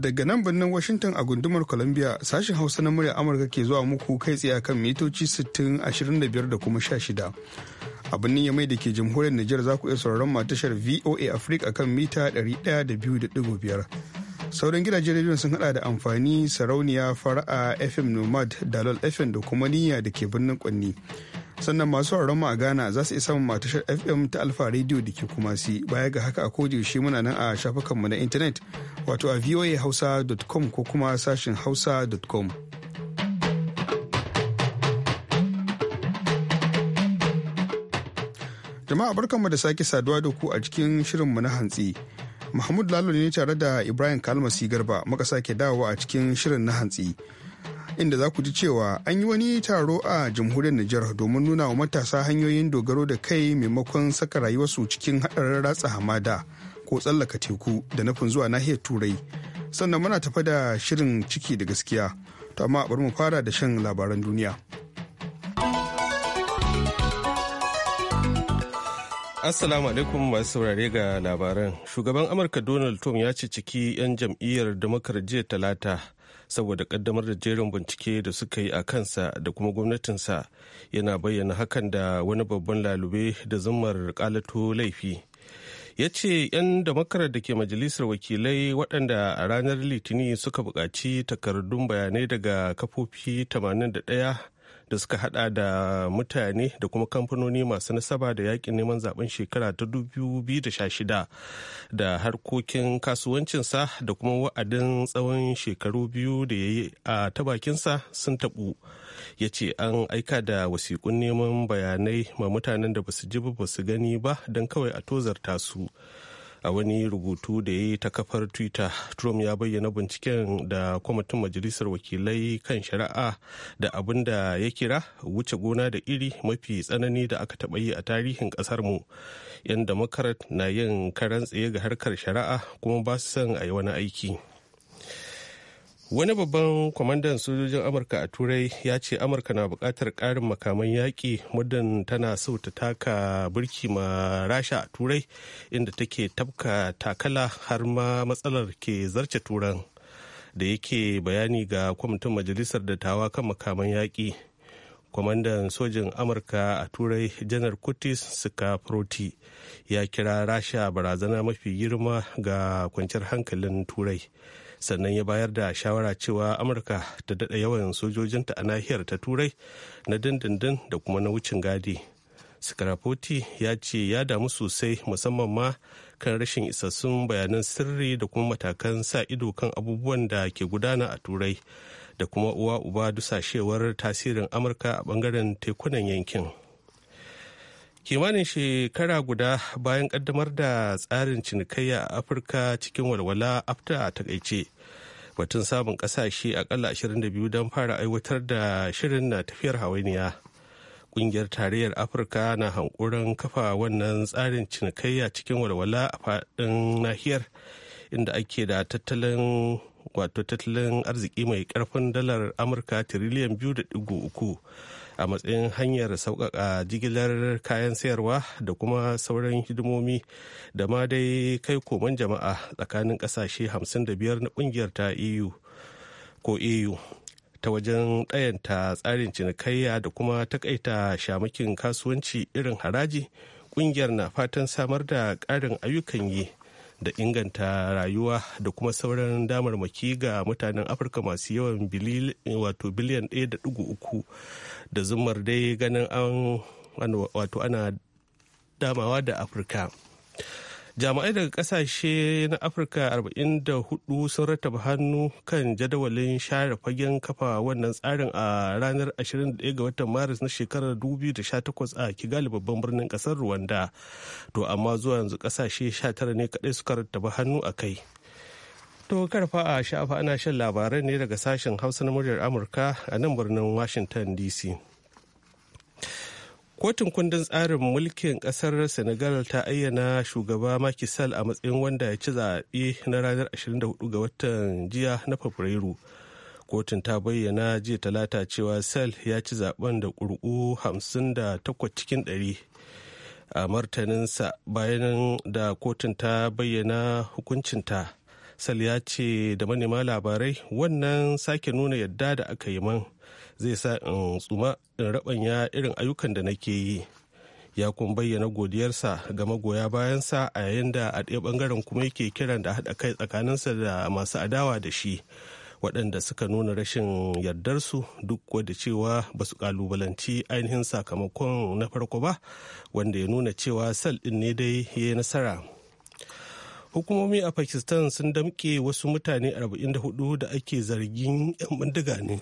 Daga nan birnin Washington a gundumar Columbia sashen Hausa na murya Amurka ke zuwa muku kai tsaye akan mitoci 60, da kuma 16. A birnin Yamai da ke jamhuriyar niger za ku iya sauraron tashar VOA Africa akan mita 102.5. Sauran gidajen rediyon sun hada da amfani sarauniya fara'a FM Nomad, Dalol FM da kuma niyya da ke birnin Kwanni. sannan masu sauraron mu a Ghana za su iya samun tashar FM ta Alfa Radio da ke kuma si baya ga haka a shi muna nan a mu na intanet wato a voahausa.com ko kuma sashin hausa.com. Jama'a barkanmu da sake saduwa da ku a cikin shirin mu na hantsi. Mahmud Lalo ne tare da Ibrahim Kalmasi Garba muka sake dawowa a cikin shirin na hantsi. inda za ku ji cewa an yi wani taro a jamhuriyar Nijar domin nuna wa matasa hanyoyin dogaro da kai maimakon saka rayuwarsu cikin haɗarin ratsa hamada ko tsallaka teku da nufin zuwa nahiyar turai sannan muna tafa da shirin ciki da gaskiya to amma bari mu fara da shan labaran duniya Assalamu alaikum masu saurare ga labaran. Shugaban Amurka Donald Trump ya ce ciki 'yan jam'iyyar Democrat jiya talata saboda kaddamar da jerin bincike da suka yi a kansa da kuma gwamnatinsa yana bayyana hakan da wani babban lalube da zummar kalato laifi ya ce 'yan damakarar da ke majalisar wakilai waɗanda a ranar litini suka buƙaci takardun bayanai daga kafofi 81 da suka hada da mutane da kuma kamfanoni masu nasaba da yakin neman zaben shekara ta 2016 da harkokin kasuwancinsa da kuma wa'adin tsawon shekaru biyu da ya yi a tabakinsa sun tabu ya ce an aika da wasiƙun neman bayanai ma mutanen da ba su ji ba su gani ba don kawai a tozarta su. a wani rubutu da ya yi ta kafar twitter trump ya bayyana binciken da kwamitin majalisar wakilai kan shari'a da abin da ya kira wuce gona da iri mafi tsanani da aka taɓa yi a tarihin ƙasarmu yan democrat na yin karan tsaye ga harkar shari'a kuma ba su son a yi wani aiki wani babban kwamandan sojojin amurka a turai ya ce amurka na bukatar ƙarin makaman yaƙi muddin tana so ta taka burki ma rasha a turai inda take tabka takala har ma matsalar ke zarce turan da yake bayani ga kwamitin majalisar dattawa kan makaman yaƙi kwamandan sojin amurka a turai janar kutis sikaproti ya kira rasha barazana mafi girma ga kwanciyar hankalin turai sannan ya bayar da shawara cewa amurka ta daɗa yawan sojojinta a nahiyar ta turai na dindindin da kuma na wucin gadi scarapoti ya ce ya damu sosai musamman ma kan rashin isassun bayanan sirri da kuma matakan sa ido kan abubuwan da ke gudana a turai da kuma uwa uba dusashewar tasirin amurka a bangaren tekunan yankin. kimanin shekara guda bayan kaddamar da tsarin cinikayya a afirka cikin walwala afta a takaice batun samun kasashe akalla 22 don fara aiwatar da shirin na tafiyar hawainiya kungiyar tarayyar afirka na hankurin kafa wannan tsarin cinikayya cikin walwala a fadin nahiyar inda ake da tattalin wato tattalin arziki mai karfin dalar amurka tiriliyan biyu da uku a matsayin hanyar sauƙaƙa jigilar kayan sayarwa da kuma sauran hidimomi da ma dai kai koman jama'a tsakanin ƙasashe 55 na ƙungiyar ta eu ko eu ta wajen ɗayanta tsarin cinikayya da kuma takaita shamakin kasuwanci irin haraji ƙungiyar na fatan samar da ƙarin ayyukan yi da inganta rayuwa da kuma sauran damarmaki ga mutanen afirka masu yawan wato biliyan 1.3 da zumar dai ganin an wato ana damawa da afirka jami'ai daga kasashe na afirka 44 sun rattaba hannu kan jadawalin share fagen kafa wannan tsarin a ranar 21 ga watan maris na shekarar 2018 a kigali babban birnin kasar rwanda to amma zuwa yanzu kasashe 19 ne kadai suka rattaba hannu a kai to karfa a sha'afa ana shan labarai ne daga sashen hausa na muryar amurka a nan birnin washington dc kotun kundin tsarin mulkin kasar senegal ta ayyana shugaba Macky Sall a matsayin wanda ya ci zaɓe na ranar 24 ga watan jiya na fabrairu kotun ta bayyana jiya talata cewa Sall ya ci zaɓen da ƙuri'u 58 cikin 100 a martaninsa bayan da kotun ta bayyana hukuncinta Sall ya ce da manema labarai wannan sake nuna yadda da aka yi man zai sa in tsuma in rabanya irin ayyukan da nake yi ya kun bayyana godiyarsa ga magoya bayansa a yayin da a ɗaya bangaren kuma yake kiran da haɗa kai tsakaninsa da masu adawa da shi waɗanda suka nuna rashin yardarsu duk da cewa ba su ƙalubalanci ainihin sakamakon na farko ba wanda ya nuna cewa sal ɗin ne dai ya yi nasara hukumomi a pakistan sun damƙe wasu mutane 44 da ake zargin 'yan bindiga ne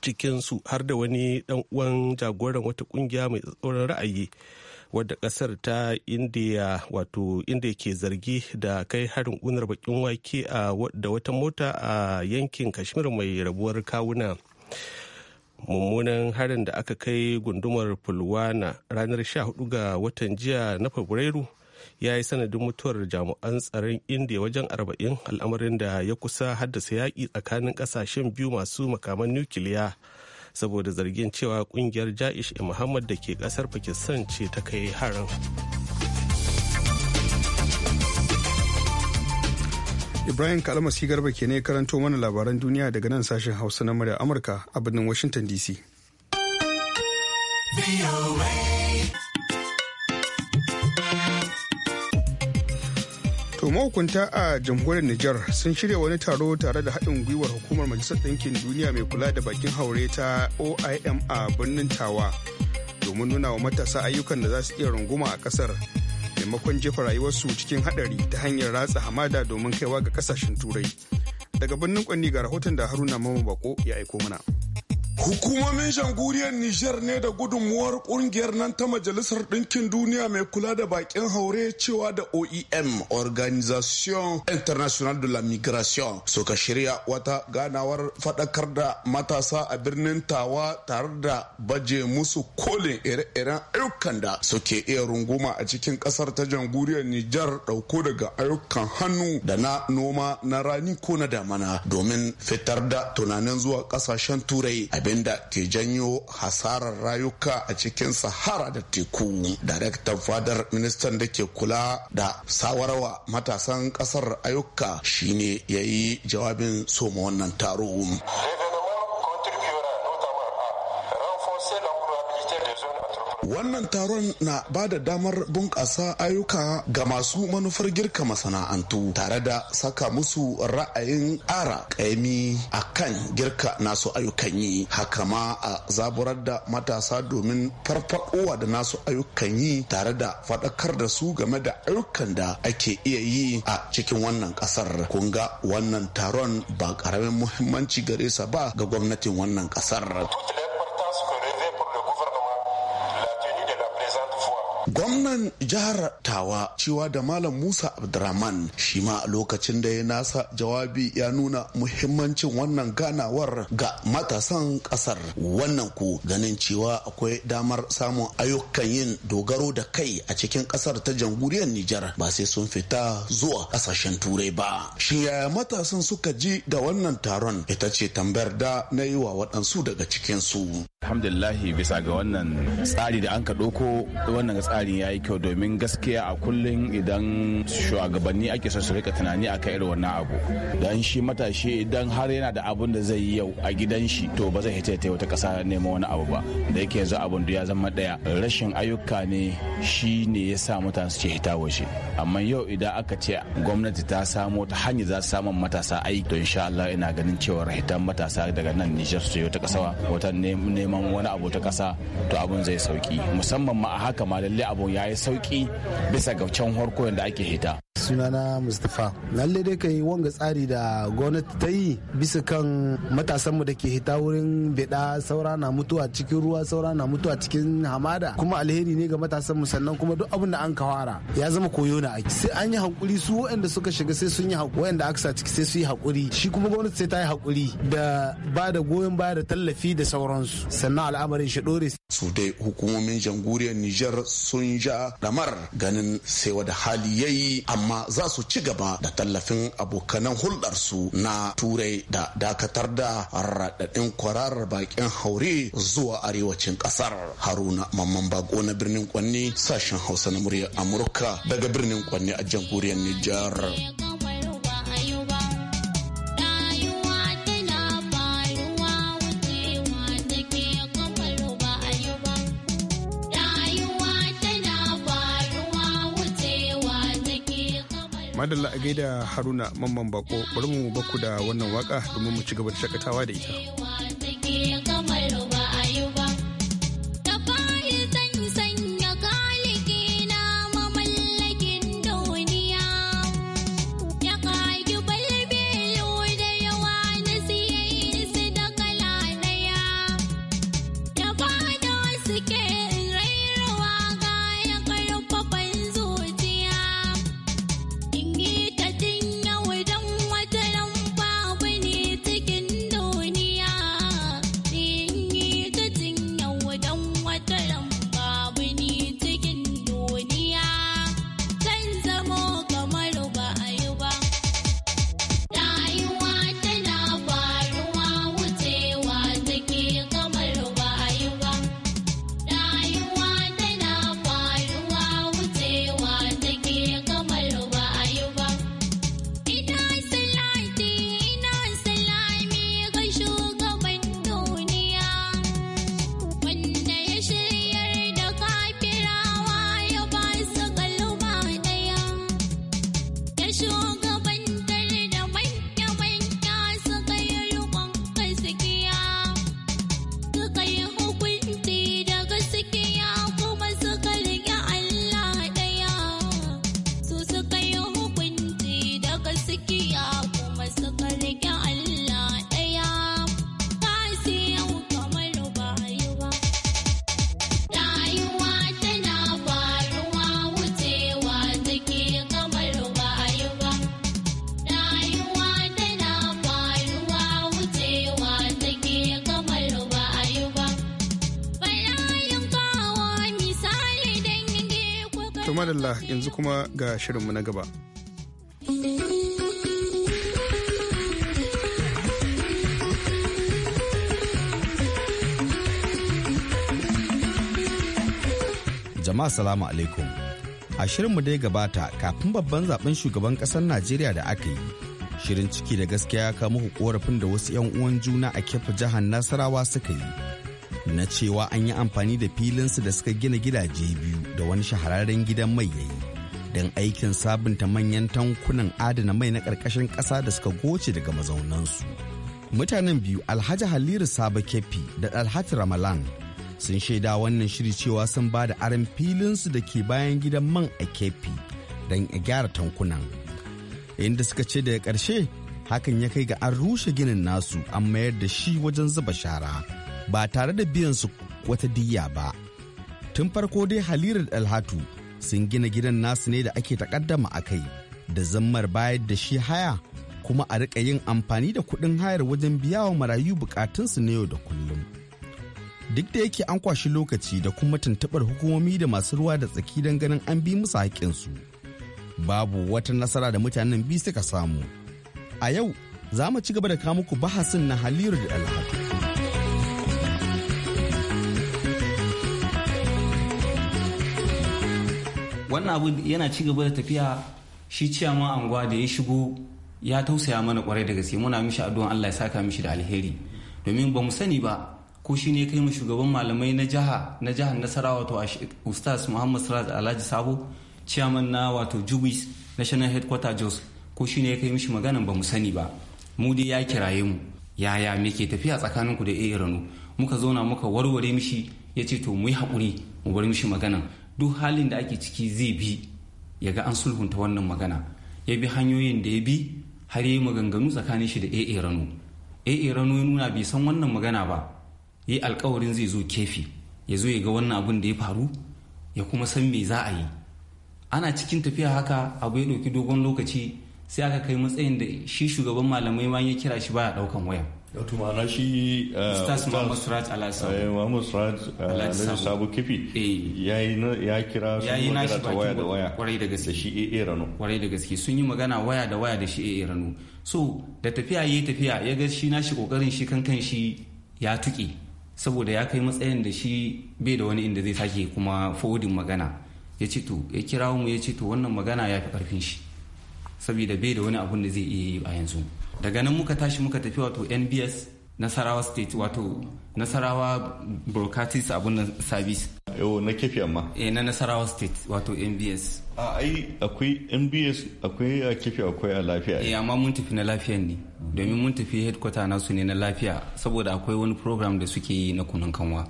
cikinsu har da wani dan uwan jagoran wata kungiya mai tsoron ra'ayi wadda kasar ta indiya wato indiya ke zargi da kai harin unar bakin wake da wata mota a yankin kashmir mai rabuwar kawuna mummunan harin da aka kai gundumar fulwana ranar 14 ga watan jiya na fabrairu ya yi sanadin mutuwar jami'an tsaron indiya wajen arba'in al'amarin da ya kusa haddasa yaƙi tsakanin ƙasashen biyu masu makaman nukiliya saboda zargin cewa ƙungiyar ja'ish e. muhammad da ke ƙasar pakistan ce ta kai harin ibrahim kalmasi garba ke ne karanto mana labaran duniya daga nan sashen hausa na murya amurka a birnin washington dc mahukunta a jamhuriyar Nijar sun shirya wani taro tare da haɗin gwiwar hukumar Majalisar Ɗinkin Duniya mai kula da bakin haure ta OIM a birnin Tawa domin nuna wa matasa ayyukan da za su iya runguma a ƙasar maimakon jefa rayuwarsu cikin haɗari ta hanyar ratsa hamada domin kaiwa ga ƙasashen turai. Daga birnin Kwanni ga rahoton da Haruna mamabako Bako ya aiko mana. Hukumomin janguriyar Nijar ne da gudunmuwar kungiyar nan ta Majalisar Ɗinkin Duniya mai kula da bakin haure cewa da OEM Organisation International de la Migration suka shirya wata ganawar faɗakar da matasa a birnin Tawa tare da baje musu kolin ire-iren ayyukan da suke iya runguma a cikin ƙasar ta janguriyar Nijar ɗauko daga ayyukan hannu da na noma na rani ko na damana domin fitar da tunanin zuwa ƙasashen turai abinda ke janyo hasarar rayuka a cikin sahara da teku daraktan fadar ministan da ke kula da sawarwa matasan kasar ayyuka shine ya yi jawabin soma wannan taro Wannan taron na ba da damar bunƙasa ayyuka ga masu manufar girka masana'antu tare da saka musu ra'ayin ƙara ƙaimi a kan girka nasu ayyukan yi. Haka ma a zaburar da matasa domin farfaɗowa da nasu ayyukan yi tare da faɗakar da su game da ayyukan da ake iya yi a cikin wannan ƙasar. Kun ga wannan taron ba ƙaramin muhimmanci gare sa ba ga gwamnatin wannan ƙasar. gwamnan jihar tawa cewa da malam musa Abdulrahman shi ma lokacin da ya nasa jawabi ya nuna muhimmancin wannan ganawar ga matasan kasar wannan ku ganin cewa akwai damar samun ayyukan yin dogaro da kai a cikin kasar ta jamhuriyar nijar ba sai sun fita zuwa kasashen turai ba shi yaya matasan suka ji da wannan taron ita ce tambayar da na yi wa waɗansu daga cikinsu alhamdulillahi bisa ga wannan tsari da an ka ɗauko wannan tsarin ya yi kyau domin gaskiya a kullum idan shugabanni ake so su rika tunani a kan irin wannan abu don shi matashi idan har yana da abun da zai yi yau a gidan shi to ba zai hita ta wata ƙasa nema wani abu ba da yake yanzu abun da ya zama ɗaya rashin ayyuka ne shi ne ya sa mutane su ce hita waje amma yau idan aka ce gwamnati ta samo ta hanyar za su samun matasa aiki to insha Allah ina ganin cewa hitan matasa daga nan Nijar su ce wata ƙasa wata neman neman wani abu ta kasa to abun zai sauki musamman ma a haka ma lalle abun ya yi sauki bisa ga can harkoyin da ake hita sunana mustapha lalle dai kai wanga tsari da gwamnati ta yi bisa kan matasanmu da ke hita wurin beda saura na mutuwa cikin ruwa saura na mutuwa cikin hamada kuma alheri ne ga matasanmu sannan kuma duk abin da an kawara ya zama koyo na aiki sai an yi hakuri su waɗanda suka shiga sai sun yi hakuri waɗanda aka sa ciki sai su yi hakuri shi kuma gwamnati sai ta yi hakuri da ba da goyon baya da tallafi da sauransu sannan al'amarin shi dore su dai hukumomin jamhuriyar Nijar sun ja damar ganin sai wada hali ya yi, amma za su ci gaba da tallafin abokanan hulɗarsu na turai da dakatar da raɗaɗin kwararar bakin haure zuwa arewacin ƙasar haruna mamman bako na birnin kwanne sashen hausa na muryar amurka daga birnin kwanne a jamhuriyar Nijar. madalla a gaida haruna mamman bako bari mu baku da wannan waka domin mu ci gaba da shakatawa da ita To madalla yanzu kuma ga shirinmu na gaba. Jama'a salamu alaikum. A shirinmu dai gabata kafin babban zaben shugaban ƙasar Najeriya da aka yi. Shirin ciki da gaskiya ya kama korafin da wasu 'yan uwan juna a kefa jihar Nasarawa suka yi. na cewa an yi amfani da filinsu da suka gina gidaje biyu da wani shahararren gidan mai yayi don aikin sabunta manyan tankunan adana mai na ƙarƙashin ƙasa da suka goce daga mazaunansu. Mutanen biyu Alhaji Haliru Saba Kefi da Alhaji Ramalan sun shaida wannan shiri cewa sun ba da aron filinsu da ke bayan gidan man a Kefi don a gyara tankunan. Inda suka ce daga ƙarshe hakan ya kai ga an rushe ginin nasu an mayar da shi wajen zuba shara. ba tare da biyan su wata diyya ba tun farko dai halirar alhatu sun gina gidan nasu ne da ake takaddama a kai da zammar bayar da shi haya kuma a rika yin amfani da kuɗin hayar wajen biya wa marayu bukatunsu na yau da kullum duk da yake an kwashi lokaci da kuma tuntuɓar hukumomi da masu ruwa da tsaki don ganin an bi musu haƙƙinsu babu wata nasara da mutanen bi suka samu a yau za mu ci gaba da kawo muku bahasin na halirar da Alhatu. wannan abu yana ci gaba da tafiya shi ciyama anguwa da ya shigo ya tausaya mana kwarai da gaske muna mishi addu'an Allah ya saka mishi da alheri domin ba mu sani ba ko shi ne kai mu shugaban malamai na jaha na jihar Nasarawa to Ustaz Muhammad Siraj Alhaji Sabo ciyaman na wato Jubis National Headquarter Jos ko shi ne kai mishi maganan ba mu sani ba mu dai ya kiraye mu yaya me ke tafiya tsakaninku da Erano muka zauna muka warware mishi ya ce to mu yi haƙuri mu bar mishi maganan duk halin da ake ciki zai bi ya ga an sulhunta wannan magana ya bi hanyoyin da ya bi har ya yi maganganu tsakanin shi da AA Rano AA Rano ya nuna bai san wannan magana ba ya yi alkawarin zai zo kefi ya zo ya ga wannan abun da ya faru ya kuma san me za a yi ana cikin tafiya haka abu ya ɗauki dogon lokaci sai aka kai matsayin da shi shugaban malamai ma ya kira shi baya ɗaukan wayan wato ma'ana shi eh, muhammad suraj alasa eh, muhammad surat eh, sabu kifi ya kira su magana ta waya da waya kwarai da gaske shi aa rano kwarai da gaske sun yi magana waya da waya da shi aa rano so da tafiya yayi tafiya ya ga shi nashi kokarin shi kankan shi ya tuke saboda ya kai matsayin da shi bai da wani inda zai sake kuma forwarding magana ya ce to ya kirawo mu ya ce to wannan magana ya fi karfin shi saboda bai da wani abun da zai iya yi a yanzu daga nan muka tashi muka tafi wato nbs nasarawa state wato nasarawa broadcasting abun nan service yau na kefi amma eh na nasarawa state wato nbs a ai akwai nbs akwai a kefi akwai a lafiya eh amma mun tafi na lafiyan ne domin mun tafi headquarter su ne na lafiya saboda akwai wani program da suke yi na kunun kanwa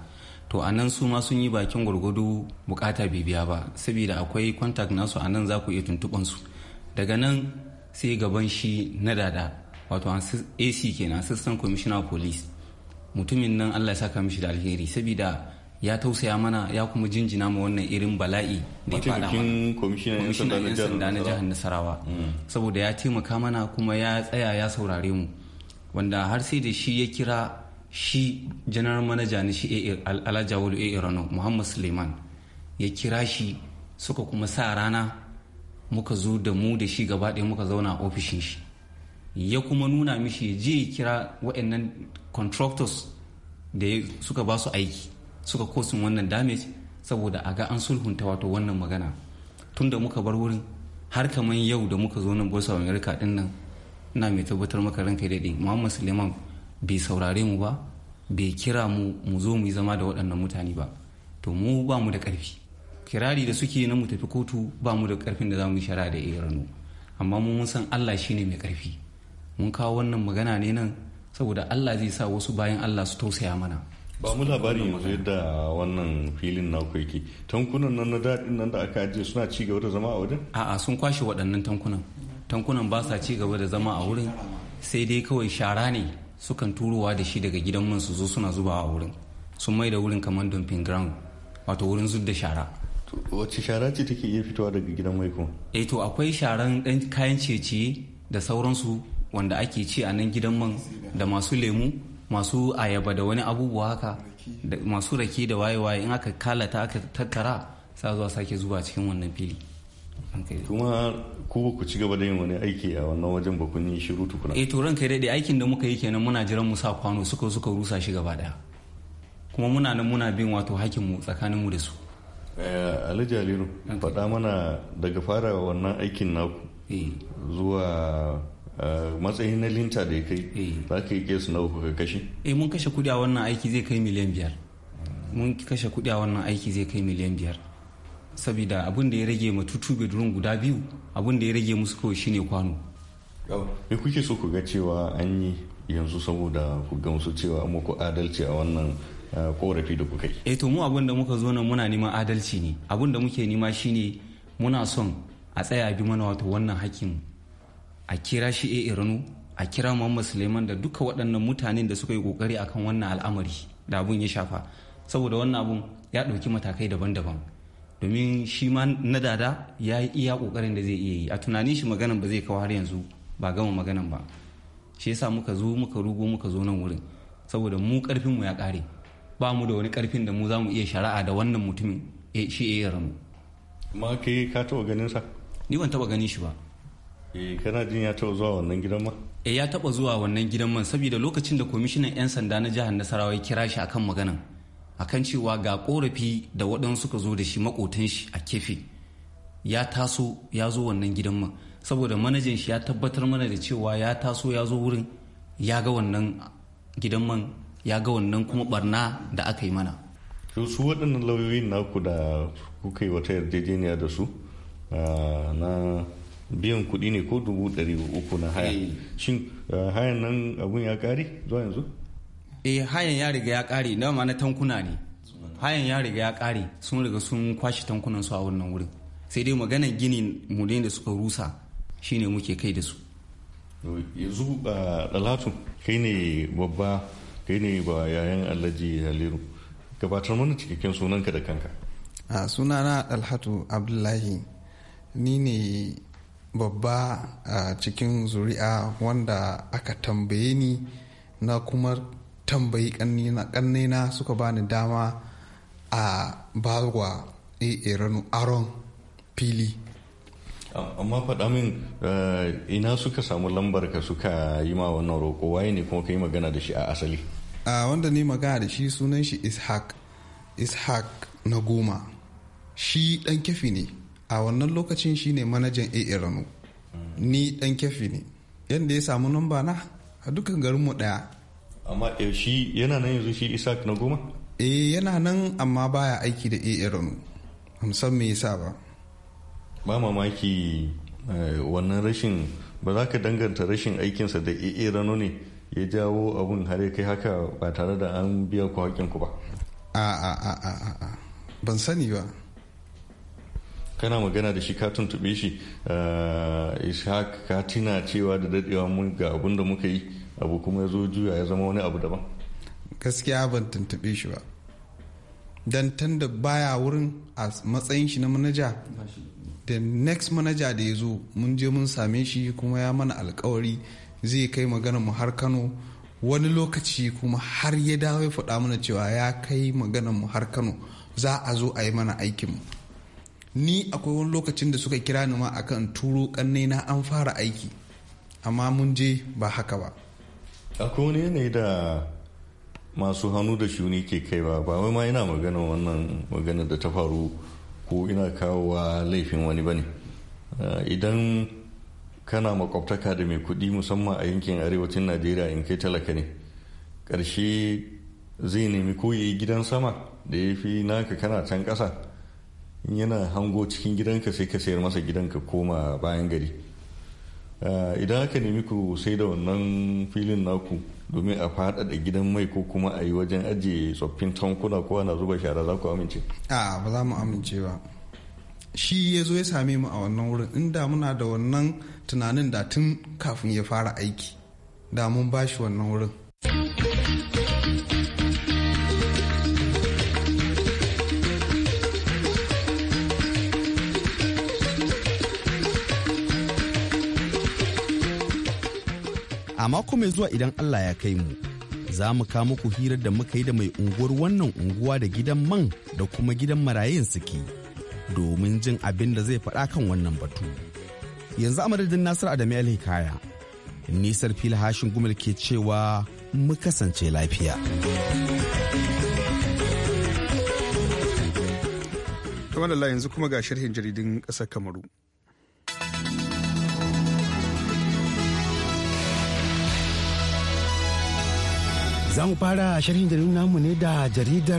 to a nan su ma sun yi bakin gwargwado bukata bibiya ba saboda akwai contact nasu a nan za ku iya tuntuɓansu su daga nan sai gaban shi na dada wato ac kenan assistant commissioner police mutumin nan allah ya saka mishi da alheri saboda ya tausaya mana ya kuma jinjina ma wannan irin bala'i da ya fada kwamishinan sanda na jihar nasarawa mm. saboda ya taimaka mana kuma ya tsaya ya saurare mu wanda har sai da shi ya kira shi general manager na shi alhaji a rano muhammad suleiman ya kira shi suka kuma sa rana muka zo da mu da shi gaba ɗaya muka zauna ofishin shi ya kuma nuna mishi je kira waɗannan contractors da suka ba su aiki suka kosin wannan damage saboda a ga an sulhunta wato wannan magana tun da muka bar wurin har kamar yau da muka zo nan bosa america din nan ina mai tabbatar maka ranka daɗi muhammad suleiman bai saurare mu ba bai kira mu mu zo mu yi zama da waɗannan mutane ba to mu ba mu da ƙarfi kirari da suke na mu tafi kotu ba mu da ƙarfin da za mu yi shara da iranu amma mu mun san allah shine mai ƙarfi mun kawo wannan magana ne nan saboda allah zai sa wasu bayan allah su tausaya mana ba mu labarin yanzu yadda wannan filin na yake tankunan nan na daɗin nan da aka ajiye suna ci gaba da zama a wajen a'a sun kwashe waɗannan tankunan tankunan ba sa ci gaba da zama a wurin sai dai kawai shara ne sukan turowa da shi daga gidan man su zo suna zubawa a wurin sun mai da wurin kamar dumping ground wato wurin zub da shara wacce shara ce take iya fitowa daga gidan mai kuma eh to akwai sharan ɗan kayan ciye-ciye da sauransu wanda ake ci a nan gidan man da masu lemu masu ayaba da wani abubuwa haka da masu rake da waye-waye in aka kalata aka tattara sa zuwa sake zuwa cikin wannan fili kuma kuma ku ci gaba da yin wani aiki a wannan wajen ba yi shiru tukuna eh to kai dai aikin da muka yi kenan muna jiran mu sa kwano suka suka rusa shi gaba daya kuma muna nan muna bin wato hakkin mu tsakanin mu da su eh, Ali Jalilu faɗa mana daga fara wannan aikin naku eh. zuwa matsayin na linta da ya kai eh. za ka yi kesu na ka kashe eh mun kashe kudi a wannan aiki zai kai miliyan biyar mun kashe kudi a wannan aiki zai kai miliyan biyar saboda abin da ya rage ma tutu bedroom guda biyu abin da ya rage musu kawai shine kwano me kuke so ku ga cewa an yi yanzu saboda ku gamsu cewa muku adalci a wannan eh, korafi da kuka yi eh to mu abin da muka zo nan muna neman adalci ne abin da muke nema shine muna son a tsaya bi mana wato wannan hakkin a kira shi a irinu a kira muhammad suleiman da duka waɗannan mutanen da suka yi kokari akan wannan al'amari da abun ya shafa saboda wannan abun ya ɗauki matakai daban-daban domin shi ma na dada ya yi iya kokarin da zai iya yi a tunanin shi maganan ba zai kawo har yanzu ba gama maganan ba shi yasa muka zo muka rugo muka zo nan wurin saboda mu karfin mu ya kare ba mu da wani karfin da mu za mu iya shari'a da wannan mutumin shi ya yi ramu ma ka taɓa ganin sa ni ban taɓa ganin shi ba eh kana jin ya taɓa zuwa wannan gidan ma eh ya taɓa zuwa wannan gidan man saboda lokacin da kwamishinan 'yan sanda na jihar nasarawa ya kira shi akan maganan akan cewa ga korafi da waɗansu suka zo da shi makotan shi a kefe ya taso ya zo wannan gidan man saboda manajan shi ya tabbatar mana da cewa ya taso ya zo wurin ya ga wannan gidan man ya ga wannan kuma barna da aka yi mana su waɗannan lauyoyin naku da kuka yi wata yarjejeniya da su ah, na biyan kuɗi ne ko dubu ɗari uku na haya eh. shin eh, hayan nan abun ya ƙare zuwa yanzu eh hayan ya riga ya ƙare na ma na tankuna ne hayan ya riga ya ƙare sun riga sun kwashe tankunan su a wannan wurin sai dai maganar gini mulin da suka rusa shine muke kai da su yanzu dalatu eh, kai ne babba kai ne ba yayan alhaji haliru gabatar mana cikakken sunanka da kanka a ah, sunana alhatu abdullahi ni ne babba a cikin zuri'a wanda aka tambaye ni na kuma tambayi ƙannena suka bani dama a A eranu aron fili amma faɗa min eh, ina suka samu lambar ka suka yi ma wannan roƙo waye ne kuma ka yi magana da shi a asali wanda ne magana da shi sunan shi ishaq ishaq na goma shi ɗan kyafi ne a wannan lokacin shine manajan AA Rano ni dan kefi ne yadda ya samu namba na a dukkan garinmu daya amma eh, shi yana nan yanzu shi Isaac na goma eh yana nan amma baya aiki da AA Rano musan me yasa ba ba mamaki eh, wannan rashin ba za ka danganta rashin aikinsa da AA Rano ne ya jawo abun har kai haka ba tare da an biya ku hakinku ba a a a a ban sani ba kana magana da shi ka tuntube shi eh, ishaq ka tina cewa da dadewa mun ga abun da muka yi abu kuma ya zo juya ya zama wani abu daban gaskiya ban tuntube shi ba dan da baya wurin a matsayin shi na manaja da next manaja da ya zo mun je mun same shi kuma ya mana alkawari zai kai magana mu har kano wani lokaci kuma har ya dawo ya faɗa mana cewa ya kai magana mu har kano za a zo a yi mana aikinmu ni akwai wani lokacin da suka kira ni ma akan turo kanne na an fara aiki amma mun je ba haka ba akwai wani yanayi da masu hannu da shuni ke kai ba wai ma ina magana wannan magana da ta faru ko ina kawowa laifin wani bane eh, idan kana makwabtaka da mai kuɗi musamman a yankin arewacin najeriya in kai talaka ne ƙarshe zai nemi ko yi gidan sama da ya fi naka kana can ƙasa yana hango cikin gidanka sai ka sayar masa gidanka koma bayan gari eh, idan aka nemi ku sai da wannan filin naku domin a faɗaɗa gidan mai ko kuma a yi wajen ajiye tsoffin tankuna ko ana zuba shara za ku amince a ba za mu amince ba shi ya zo ya same mu a wannan wurin inda muna da wannan tunanin da tun kafin ya fara aiki da mun bashi wannan wurin a mako mai zuwa idan Allah ya kai mu za mu kawo muku hirar da muka yi da mai unguwar wannan unguwa da gidan man da kuma gidan marayun suke domin jin abin da zai faɗa kan wannan batu yanzu a madadin Nasiru Adamu Alhikaya nisar fili hashin gumal ke cewa mu kasance lafiya. kamar da yanzu kuma ga sharhin jaridin ƙasar Kamaru. Za mu fara sharhin jaridun namu ne da jaridar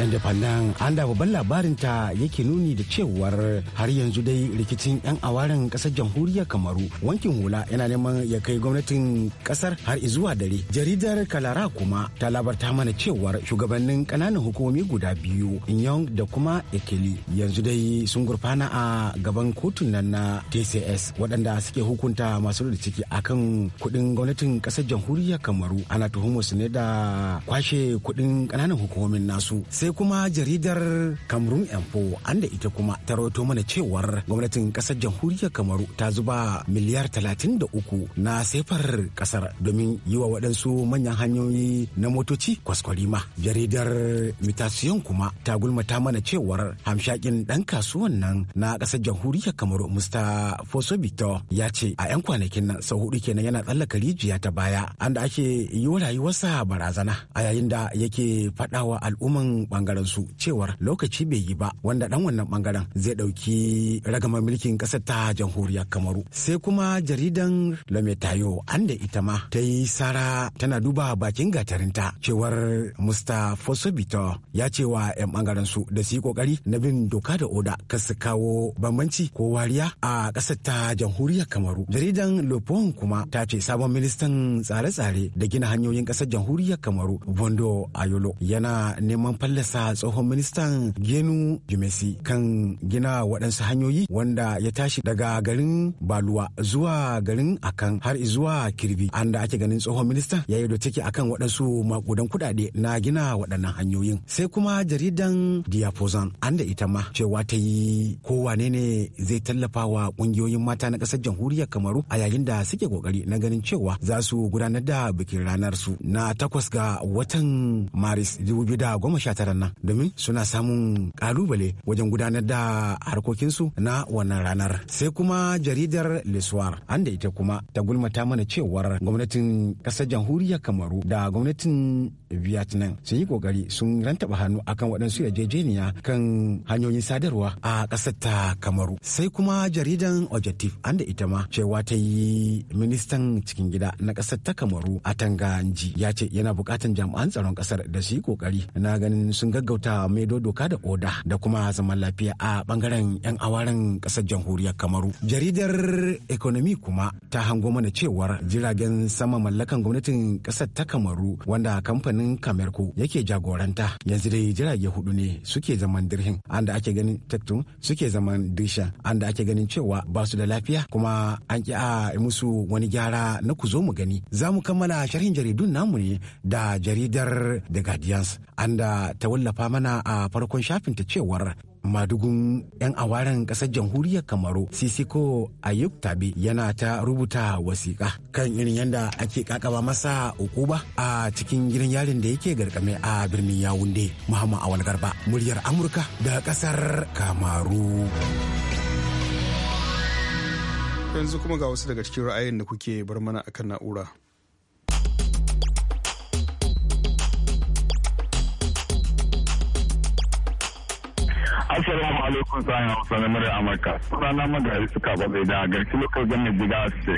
Independent an da babban labarinta yake nuni da cewar har yanzu dai rikicin 'yan awarin kasar jamhuriyar Kamaru wankin hula yana neman ya kai gwamnatin kasar har zuwa dare. Jaridar Kalara kuma ta labarta mana cewar shugabannin kananan hukumomi guda biyu Inyong da kuma Ekeli yanzu dai sun gurfana a gaban kotun nan na TCS waɗanda suke hukunta masu da ciki akan kuɗin gwamnatin kasar jamhuriyar Kamaru ana tuhumar su dangane da kwashe kuɗin kananan hukumomin nasu sai kuma jaridar cameroon info an ita kuma ta rawaito mana cewar gwamnatin kasar jamhuriyar kamaru ta zuba miliyar 33 na sefar kasar domin yi wa waɗansu manyan hanyoyi na motoci kwaskwarima jaridar mitasiyon kuma ta gulmata mana cewar hamshakin ɗan kasuwan nan na kasar jamhuriyar kamaru musta foso ya ce a 'yan kwanakin nan sau hudu kenan yana tsallaka rijiya ta baya an da ake yi wa rayuwarsa barazana a yayin da yake faɗawa al'umman bangaren su cewar lokaci bai yi ba wanda ɗan wannan bangaren zai ɗauki ragamar mulkin ƙasar ta jamhuriyar kamaru sai kuma jaridan lometayo an da ita ma ta yi sara tana duba bakin gatarinta cewar musta fosobito ya cewa 'yan bangaren su da su yi kokari na bin doka da oda ka su kawo bambanci ko wariya a ƙasar ta jamhuriyar kamaru jaridan lopon kuma ta ce sabon ministan tsare-tsare da gina hanyoyin ƙasar jamhuriyar kamaru bondo ayolo yana neman fallasa tsohon ministan genu jimesi kan gina waɗansu hanyoyi wanda ya tashi daga garin baluwa zuwa garin akan har zuwa kirbi an da ake ganin tsohon ministan ya yi take akan waɗansu makudan kuɗaɗe na gina waɗannan hanyoyin sai kuma jaridan diapozan an da ita ma cewa ta yi kowane ne zai tallafa wa ƙungiyoyin mata na ƙasar jamhuriyar kamaru a yayin da suke ƙoƙari na ganin cewa za su gudanar da bikin ranar su na a takwas ga watan maris 2019 nan domin suna samun kalubale wajen gudanar da harkokinsu na wannan ranar sai kuma jaridar lesuwar Anda ita kuma ta gulmata mana cewar gwamnatin kasar jamhuriyar kamaru da gwamnatin vietnam sun yi kokari sun rantaba hannu akan waɗansu yarjejeniya kan hanyoyin sadarwa a ƙasar ta kamaru sai kuma jaridan objective anda ita ma cewa ta yi ministan cikin gida na ƙasar ta kamaru a tanganji ya ce yana buƙatan jami'an tsaron ƙasar da su yi kokari na ganin sun gaggauta maido doka da oda da kuma zaman lafiya a ɓangaren 'yan awaren ƙasar jamhuriyar kamaru jaridar economy kuma ta hango mana cewar jiragen sama mallakan gwamnatin ƙasar ta kamaru wanda kamfanin birnin kamerku yake jagoranta yanzu dai jirage hudu ne suke zaman dirhin an da ake ganin taktun suke zaman dirshan an da ake ganin cewa ba su da lafiya kuma an ki a musu wani gyara na ku zo mu gani za mu kammala sharhin jaridun namu ne da jaridar the guardians an da ta wallafa mana a farkon shafinta cewar madugun 'yan awaren ƙasar jamhuriyar kamaru sisiko ayub tabi yana ta rubuta wasiƙa kan irin yadda ake kakaba masa ukuba a cikin gidan yarin da yake garkame a birnin yawunde muhammad awal garba muryar amurka da ƙasar kamaru yanzu kuma ga wasu daga cikin ra'ayin da kuke bar mana akan na'ura Assalamu alaikum sa'in Hausa na murar Amurka. Sunana magari suka ba zai da garki lokacin gamin jiga ce.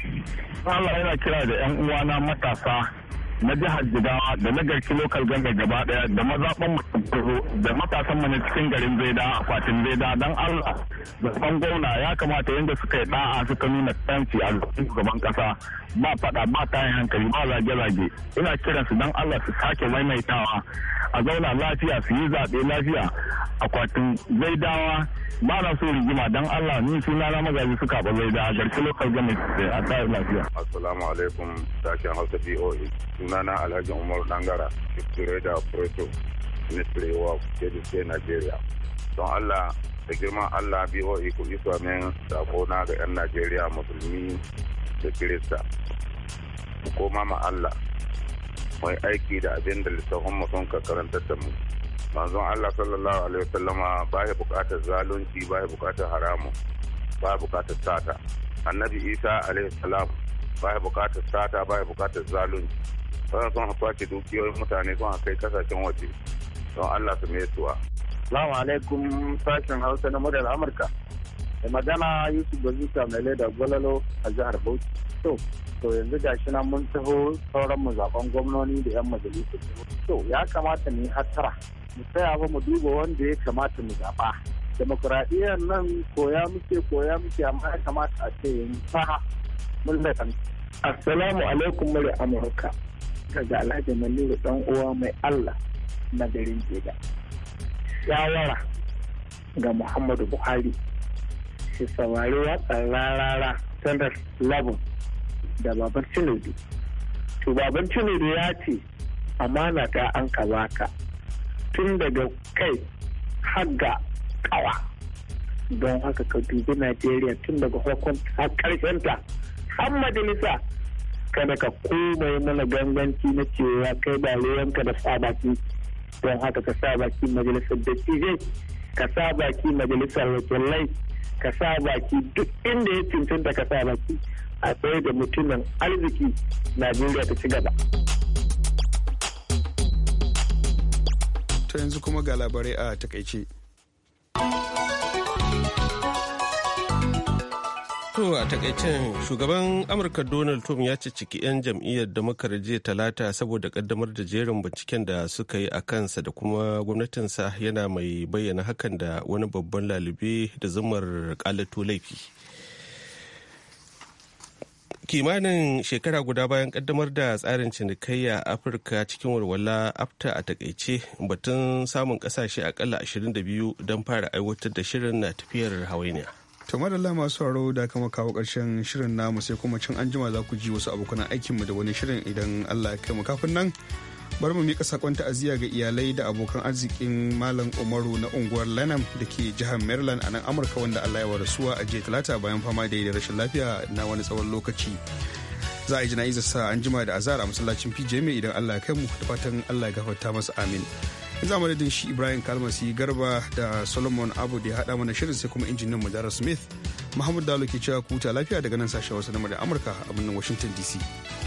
Allah yana kira da 'yan uwana matasa na jihar jigawa da na garki lokal ganga gaba daya da mazaɓan mu da matasan mu cikin garin zaida akwatin zaida don allah zaɓen gwamna ya kamata yadda suka yi ɗa'a suka nuna tanci a lokacin gaban ƙasa ba faɗa ba tayin hankali ba zage-zage ina kiran su don allah su sake maimaitawa a zauna lafiya su yi zaɓe lafiya akwatin zaidawa ba na so rigima don allah ni suna na magaji suka ba zaidawa garki lokal ganga a tsayin lafiya assalamu alaikum sashen hausa boa sunana alhaji umar dangara fiftirai da preto ministry of kedi nigeria don allah da girman allah boe ku isa min na ga 'yan nigeria musulmi da kirista mu koma ma allah mai aiki da abin da littafin mu sun karanta da mu manzon allah sallallahu alaihi wasallama ba ya bukatar zalunci ba ya bukatar haramu ba ya bukatar sata annabi isa alaihi salam ba ya bukatar sata ba ya bukatar zalunci sana sun kwace dukiyoyin mutane sun kai kasashen waje don Allah su mai suwa. Salamu alaikum sashen Hausa na muryar Amurka. Da magana Yusuf Bazuka mai leda gwalalo a jihar Bauchi. To, to yanzu gashi nan mun taho sauran mu zaben gwamnoni da 'yan majalisar. To, ya kamata mu yi hattara. Mu tsaya ba mu duba wanda ya kamata mu zaɓa. Demokuraɗiyyar nan koya muke koya muke amma ya kamata a ce yin saha mun da Assalamu alaikum murya Amurka. ta ga alhaji maliru dan uwa mai allah na garin jega shawara ga muhammadu buhari shi saurari watsa rarara sanar labin da baban cinudu to baban cinudu ya ce amana ta an ka baka tun daga kai har ga kawa don haka ka dubi najeriya tun daga farkon har karshenta har majalisa kada ka komai mana ganganci na cewa kai ba da sa baki don haka ka sa baki majalisar dattijai ka sa baki majalisar wakilai ka sa baki duk inda ya cancanta ka sa baki a tsaye da mutumin arziki najeriya ta ci gaba ta yanzu kuma ga labarai a takaice To a takaicin shugaban Amurka Donald Trump ya ce ciki 'yan jam'iyyar muka jiya talata saboda kaddamar da jerin binciken da suka yi a kansa da kuma gwamnatinsa yana mai bayyana hakan da wani babban lalube da zumar kalato laifi. kimanin shekara guda bayan kaddamar da tsarin cinikayya a afirka cikin walwala afta a takaice batun samun kasashe akalla 22 don fara aiwatar da shirin na tafiyar hawainiya To madalla masu sauraro da kama kawo ƙarshen shirin namu sai kuma cin anjima za ku ji wasu abokan aikinmu da wani shirin idan Allah ya kai mu kafin nan bar mu miƙa sakon ta'aziyya ga iyalai da abokan arzikin Malam Umaru na unguwar Lanam da ke jihar Maryland a nan Amurka wanda Allah ya rasuwa a jiya Talata bayan fama da rashin lafiya na wani tsawon lokaci. Za a yi jana'izar sa anjima da azara a masallacin PJM idan Allah ya kai mu da fatan Allah ya gafarta masa amin. yanzu madadin shi ibrahim kalmasi garba da solomon abu da ya haɗa mana shirin sai kuma injinin mu smith muhammadu dalo ke cewa kuta lafiya daga nan sashen wasu na amurka a birnin washington dc